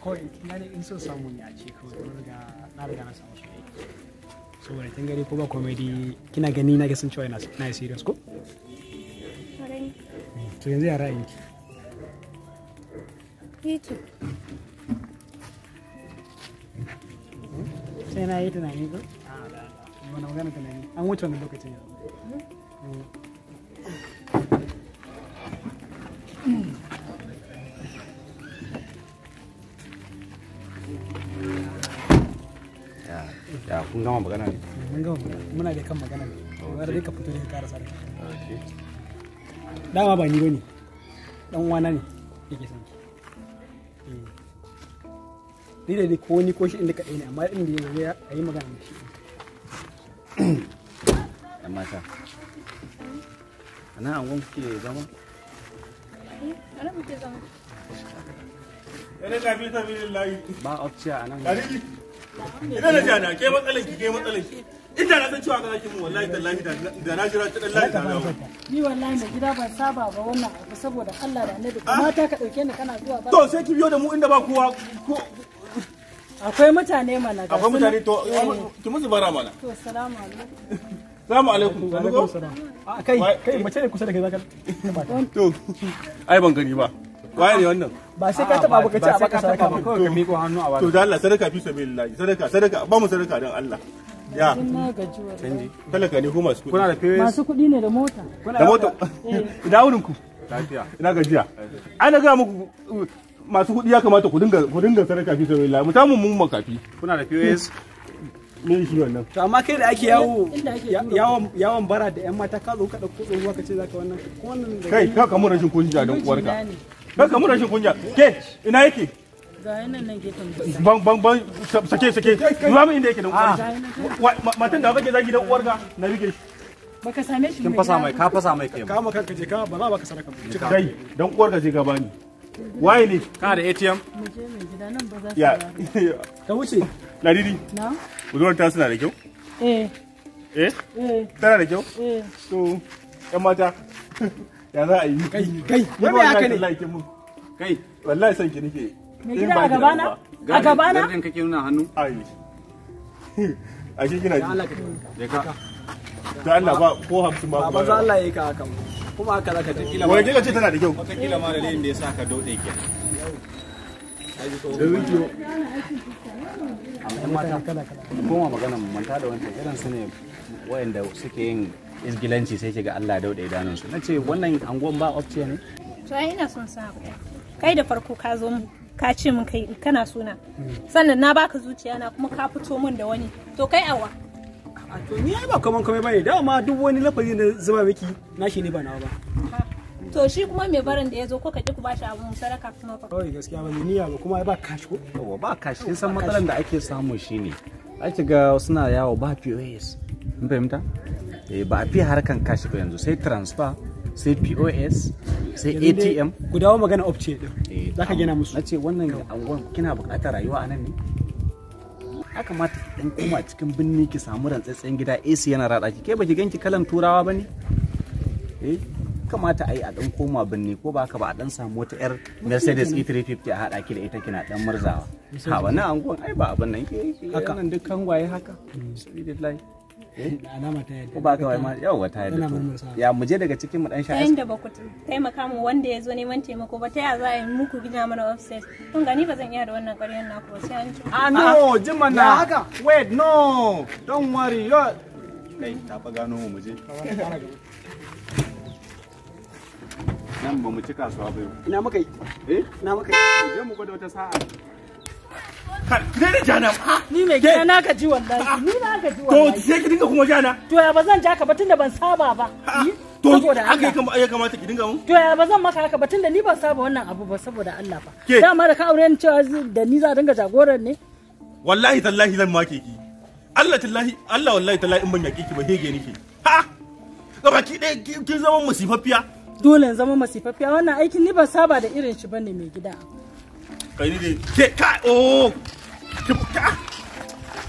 kawai na da in samu ne a ce kawai na riga na samu soyayya saboda kin gani ko ba komedi kina gani na ga sun cewa na yi serious ko? to yanzu ki? sai na yi tunani ko? a wani magana tunani an wuce wani lokacin kun gama magana ne mun gama muna da kan magana ne ba ka fito da ka karasa da dama ba ni bane dan ne yake eh. ni da ko ni ko shi inda ka ne amma inda ya a yi magana da shi a nan zama? Eh, muke zama Yana tafi tafi lillahi. Ba opciya a nan. Dalili. Ina da jana ke matsalan ki ke matsalan ki. Inda na san cewa ka zaki mu wallahi tallahi da na jira ta lahi ta dawo. Ni wallahi mai gida ban saba ba wannan abu saboda Allah da Annabi ah? ta ka dauke ni kana zuwa ba. To sai ki biyo da mu inda ba kowa Akwai mutane mana Akwai mutane to eh, ki musu bara mana. To salamu alaikum. Salamu alaikum. Wa alaikum Kai kai mace ne kusa da kai zaka. To ai ban gani ba. waye ne wannan ba sai ka taba baka ci a baka sadaka ba kawai ka miko hannu a wani to da Allah sadaka fi sabilillah sadaka sadaka ba mu sadaka dan Allah ya canji talaka ne ko masu kuɗi kuna da POS masu kuɗi ne da mota da mota eh. ina wurin ku lafiya ina gajiya ai na ga muku masu kuɗi ya kamata ku dinga ku dinga sadaka fi sabilillah mutamun mun makafi kuna da POS me shi wannan to amma kai da ake yawo yawon yawon bara da yan mata ka zo ka dauko tsohuwa ka ce zaka wannan wannan kai ka kamar rashin kunya dan uwarka Kaka muna shi kunya. Ke ina yake? Ga nan nan gefen. Ban ban ban sake sake. Zuwa mu inda yake da wa Matan da kake zagi da uwar ga na rike shi. Baka same shi. Kin fasa mai ka fasa mai kai. Kama kanka je ka ba za baka sadaka. Dai dan uwar ga je ga bani. Waye ne? Ka da ATM? Mu je mai gida nan ba za ka. Ya. Ka wuce. Ladidi. Na. Budurwar ta suna da kyau? Eh. Eh? Eh. Tana da kyau? Eh. To, ‘yan mata. ya za a yi kai kai wai me haka ne kai wallahi san ki nake me gida a gabana a gabana gardin kake nuna hannu ai a ke gina ji da ka da Allah ba ko hamsin ba ba za Allah yayi ka haka kuma haka zaka ta kila wai kila ce tana da kyau wata kila ma da da yasa ka dode ki da koma magana manta da wancan irin su ne wayanda suke yin isgilanci sai ga Allah dauda idanun su nace wannan angon ba option ne to ai ina son sa kai da farko ka zo ka ce min kai kana suna sannan na baka zuciya na kuma ka fito min da wani to kai awa a to ni ba kaman kamar bane dama duk wani lafazi da zuba miki nashi ne ba nawa ba to shi kuma mai barin da ya zo ko ka ki ku bashi abun sadaka kuma fa kawai gaskiya ba ya ba kuma ba kashi ko ba kashi kin san matsalan da ake samu shine ake ga suna yawo ba POS mun fahimta Eh, ba a fiye harkan kashi ba yanzu sai transfer sai pos sai atm ku dawo magana opce din eh, za ka gina musu na ce wannan angon kina bukatar rayuwa a nan ne ya kamata ki dan koma cikin binni ki samu rantsatsen gida ac yana rada ki kai baki ganki kalan turawa ba ne eh kamata a yi a dan koma binni ko ba ka ba a dan samu wata yar mercedes e350 a hada ki da ita kina dan murzawa ha wannan angon ai ba abin nan ke haka nan dukkan waye haka hmm. Eh? alama ta yadda ba kawai ma yawa ta yadda ya mu je daga cikin mu dan sha ta ba ku taimaka mu wanda ya zo neman taimako ba ta ya za a yi muku gina mana upstairs kun gani ba zan iya da wannan ƙwaryar na ba sai an ci ah no jima na haka wait no don't worry yo kai ta fa gano mu je nan ba mu ci kasuwa ba ina muka yi eh ina muka yi je mu gwada wata sa'a kare da jana ah, ni mai gida na gaji wallahi ah. ni na gaji wallahi to sai ki dinga kuma jana to ya ba ja ka ba tunda ban saba ba ah, to haka ya kamata ki dinga mu to ya ba maka haka ba tunda ni ban saba wannan abu ba saboda Allah fa dama da ka aure ni cewa da ni za dinga jagoran ne wallahi tallahi zan make ki Allah tallahi Allah wallahi tallahi in ban yaƙi ki ba hege nake ha gabaki ɗaya kin zama musifaffiya dole in zama masifaffiya wannan aikin ni ban saba da irin shi bane mai gida kai ni ne ke ka o ki ka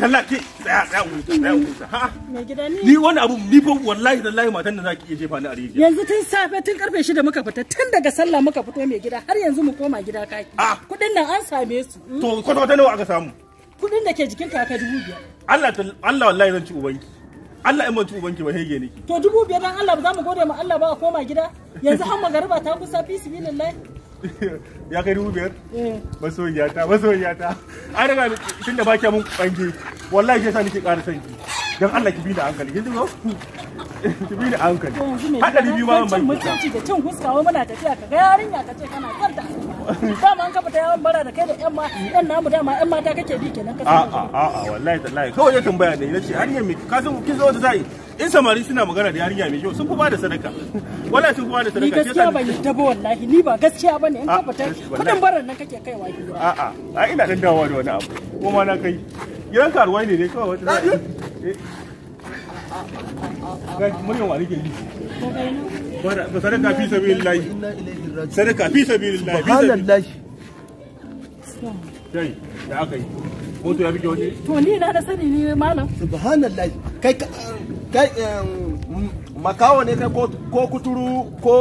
kalla ki tsaya tsaya huta tsaya huta ha mai gida ni ni wani abu ni fa wallahi wallahi matan da zaki iya jefa ni a rijiya yanzu tun safe tun karfe 6 muka fita tun daga sallah muka fito mai gida har yanzu mu koma gida kaki kudin nan an same su to kwata kwata nawa aka samu kudin da ke jikin ka dubu biyar Allah Allah wallahi zan ci ubanki Allah in ban ci ubanki ba hege niki to dubu biyar dan Allah ba za mu gode ma Allah ba a koma gida yanzu an magariba ta kusa fi sabilillah ya kai dubu biyar eh. masoyiya ta masoyiya ta an riga tun da baki mun bange wallahi sai sa nake ƙara son ki dan Allah ki bi da hankali kin ji ko ki bi da hankali hadari biyu ba ban mutunci da cin huskawa muna tafiya ka ga yarinya ka ce kana kwanta dama an kafa ta yawan bara da kai da yan ma yan namu da ma yan mata kake bi kenan ka a a a wallahi tallahi kawai ya tambaya ne nace har yamma ka san kin zo da zai in samari suna magana da yarinya mai kyau sun fi bada sadaka wala sun fi bada sadaka ni gaskiya ban yadda ba wallahi ni ba gaskiya bane in ka ah, fita kudin baran nan kake kaiwa a a a ina dan dawowa da wani abu ko ma na kai gidan karuwai ne ne kawai wata eh. gai muryan wa nake yi ba sadaka fi sabilillahi sadaka fi lillahi sabilillahi lillahi dai da aka yi moto ya bige wani to ni na da sani ni malam subhanallahi kai kai makawo ne kai ko kuturu ko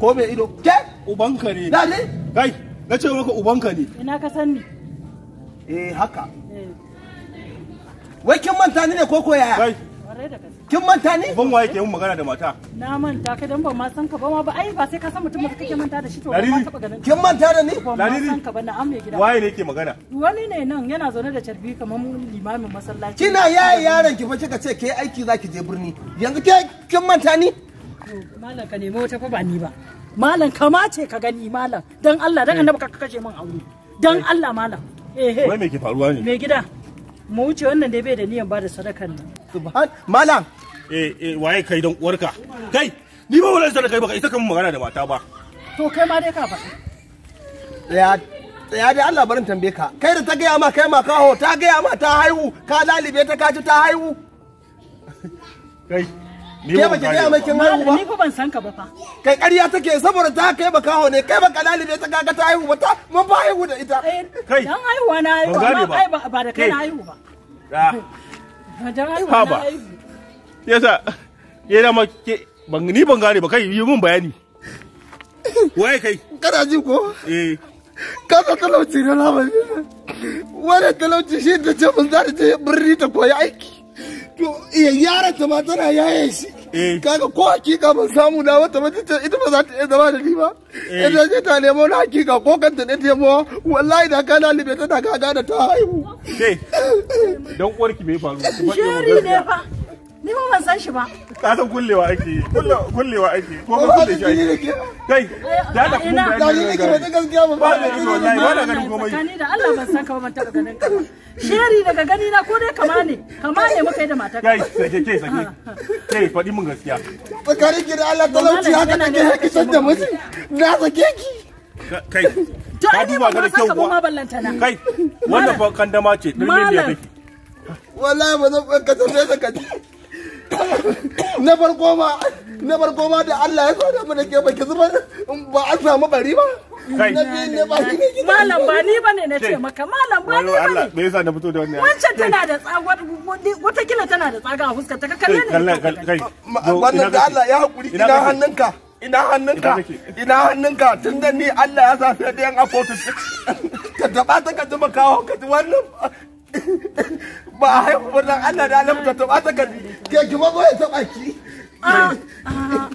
ko mai ido ke ubanka ne na ne kai na ce maka ubanka ne ina ka san ni eh haka eh. wai kin manta ni ne ko ko yaya kai kin manta ne ban waye ke yin magana da mata na manta kai dan ban ma san ka ba ma ba ai ba sai ka san mutum da kake manta da shi to ba ma taba ganin kin manta da ni lariri san ka ba na amme gida waye ne ke magana wani ne nan yana zaune da carbi kamar limamin masallaci kina yaye yaron ki fa kika ce ke aiki zaki je birni yanzu kai kin manta ni malam ka nemi wata fa ba ni ba malam kama ce ka gani malam dan Allah dan eh. annabi ka kashe min aure dan eh. Allah malam eh eh wai me ke faruwa ne me gida mu wuce wannan dai bai da niyan ba da sadakan nan subhan malam eh eh waye kai dan uwarka kai ni ba wala da kai baka ita kan magana da mata ba to kai ma dai ka faɗi ya ya dai Allah barin tambaye ka kai da ta gaya ma kai ma kaho ta gaya ma ta haihu ka lalibe ta kaci ta haihu kai ni ba ki gaya ma kin haihu ba ni fa ban san ka ba fa kai ƙarya take saboda ta kai ba kaho ne kai ba ka lalibe ta kaga ta haihu ba ta mun ba haihu da ita eh, kai dan haihuwa na haihu ba ba da kai na haihu ba haba yasa ya dama ke ni ban gane ba kai yi mun bayani waye kai kana ji ko eh kasa talauci ne na bai wani talauci shi da ce mun za ta je birni ta koyi aiki to iya yara ta ma tana yaye shi Eh. kaga ko hakika ban samu na mata ba ita ba za ta iya zama da ni ba eh. ita ce ta nemo na hakika ko kan ta ne nemo wallahi da kana libe ta da kaga da ta haihu ke dan uwarki bai faru sheri ne fa Ni ma ban san shi ba. Ka san kullewa ake yi. Kullewa ake yi. Ko ba kulle shi ake yi. Kai, da da kuma da ni ke ba da gaskiya ba. Ba da ni wallahi ba da gani komai. Kani da Allah ban san ka ba ban taba ganin ka. Sheri daga gani na ko dai kama ne. Kama ne muka yi da matar. Kai, sake ke sake. Kai, faɗi mun gaskiya. Tsakanin ki da Allah talauci haka kake haka san da mutum. Na sake ki. Kai, ka duba ga da kyau na. Kai, wannan fa kandama ce. Dirme ne take. Wallahi ba zan ka san da ka ji. na farko ma na farko ma da Allah ya kwada mu da ke baki zubar ba an samu bari ba malam ba ni ne na ce maka malam ba ni ne me yasa na fito da wannan wancan tana da tsagwar wata kila tana da tsaga a fuskar ta kalle ne kai wannan da Allah ya hakuri ina hannunka ina hannunka ina hannunka tun da ni Allah ya sa sai da yan akotu ka taba ta ka ji kawo ka ji wannan ba a haihu ba dan Allah da Allah ta ta kabi ke ki ba taba ki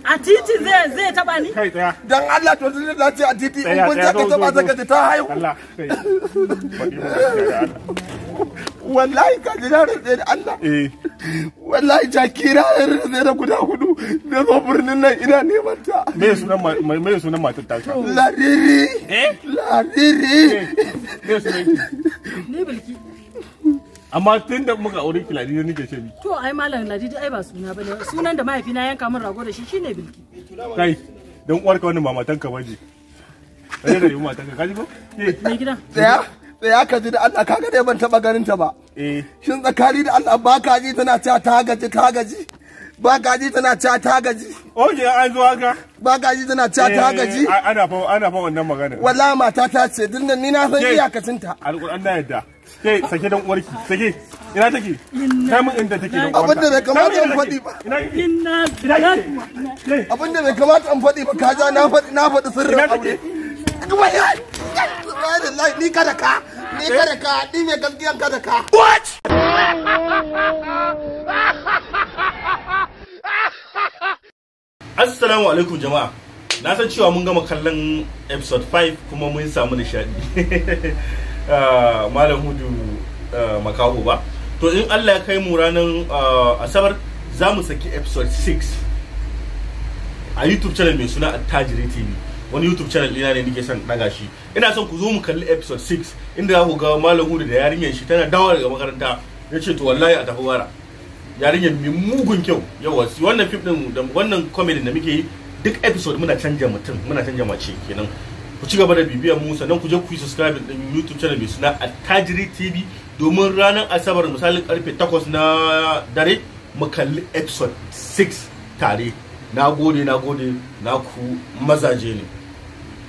a titi zai zai taba ni dan Allah to zai da ce a titi in kun ka taba ta ta haihu wallahi ka da Allah wallahi eh. jakira ya da guda hudu na zo birnin nan ina neman ta me sunan sunan matar ta lariri eh lariri eh. me sunan bilki amma tun da muka aure ki ne nake ce bi. to ai malam ladidi ai ba suna bane sunan da mahaifina yanka min rago da shi shine bilki kai dan ka wannan mamatan ka baje kai da yi ka kaji ba ne eh. gida tsaya tsaya ka ji da Allah kaga dai ban taba ganin ta ba eh shin tsakari da Allah ba ka ji tana cewa ta gaji ta gaji ba ka ji tana cewa ta gaji oke an zo haka ba ka ji tana cewa ta eh, gaji ana fa ana fa wannan magana wallahi mata ta ce dinnan ni na san iyakacinta alquran na yadda ke sake dan uwarki sake ina take ta mun inda take dan uwarka abinda bai kamata an faɗi ba ina ina abinda bai kamata an faɗi ba kaja na faɗi na faɗi sirrin aure kuma ya subhanallah ni kada ka ni kada ka ni mai gaskiyan kada ka what Assalamu alaikum jama'a na san cewa mun gama kallon episode 5 kuma mun samu nishadi Eh, malam hudu eh, makaho ba to in allah ya kai mu ranar eh, asabar za mu saki episode 6 a youtube channel mai suna attajiri tv wani youtube channel ina ne nike son daga shi ina son ku zo mu kalli episode 6 inda za ku ga malam hudu da yarinyar shi tana dawo daga makaranta ya ce to wallahi a tafi wara yarinyar mai mugun kyau yawa wannan fim din wannan comedy da muke yi duk episode muna canja mutum muna canja mace kenan ku ci gaba da bibiyar mu sannan ku je ku yi subscribe da YouTube channel mai suna Attajiri TV domin ranar Asabar misalin karfe 8 na dare mu kalli episode 6 tare. Na gode, na gode, na ku mazaje ne.